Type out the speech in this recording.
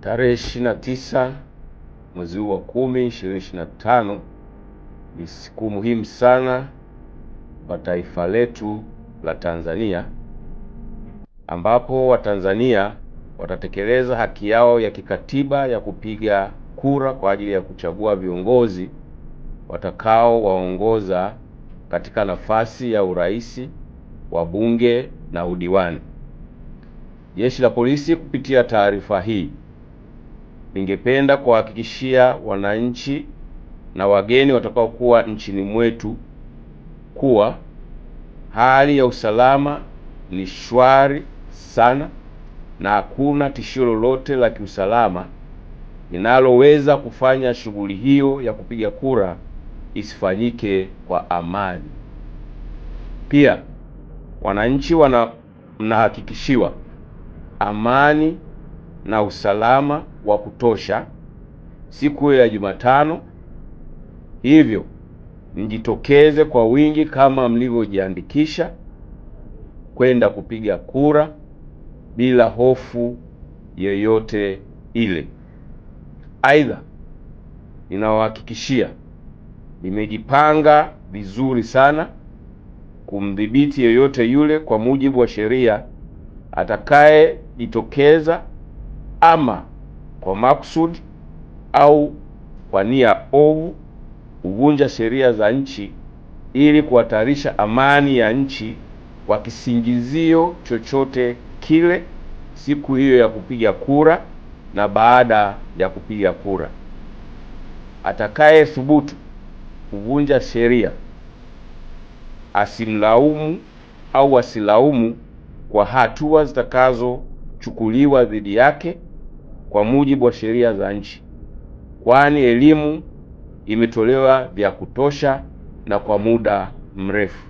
tarehe ishirini na tisa mwezi huu wa kumi ishirini na tano ni siku muhimu sana kwa taifa letu la Tanzania, ambapo Watanzania watatekeleza haki yao ya kikatiba ya kupiga kura kwa ajili ya kuchagua viongozi watakaowaongoza katika nafasi ya urais, bunge na udiwani. Jeshi la Polisi kupitia taarifa hii ningependa kuhakikishia wananchi na wageni watakaokuwa nchini mwetu kuwa hali ya usalama ni shwari sana na hakuna tishio lolote la kiusalama linaloweza kufanya shughuli hiyo ya kupiga kura isifanyike kwa amani. Pia wananchi wana mnahakikishiwa amani na usalama wa kutosha siku ya Jumatano, hivyo mjitokeze kwa wingi kama mlivyojiandikisha kwenda kupiga kura bila hofu yoyote ile. Aidha, ninawahakikishia nimejipanga vizuri sana kumdhibiti yeyote yule kwa mujibu wa sheria atakayejitokeza ama kwa makusudi au kwa nia ovu kuvunja sheria za nchi ili kuhatarisha amani ya nchi kwa kisingizio chochote kile siku hiyo ya kupiga kura na baada ya kupiga kura. Atakaye thubutu kuvunja sheria asimlaumu au asilaumu kwa hatua zitakazochukuliwa dhidi yake kwa mujibu wa sheria za nchi, kwani elimu imetolewa vya kutosha na kwa muda mrefu.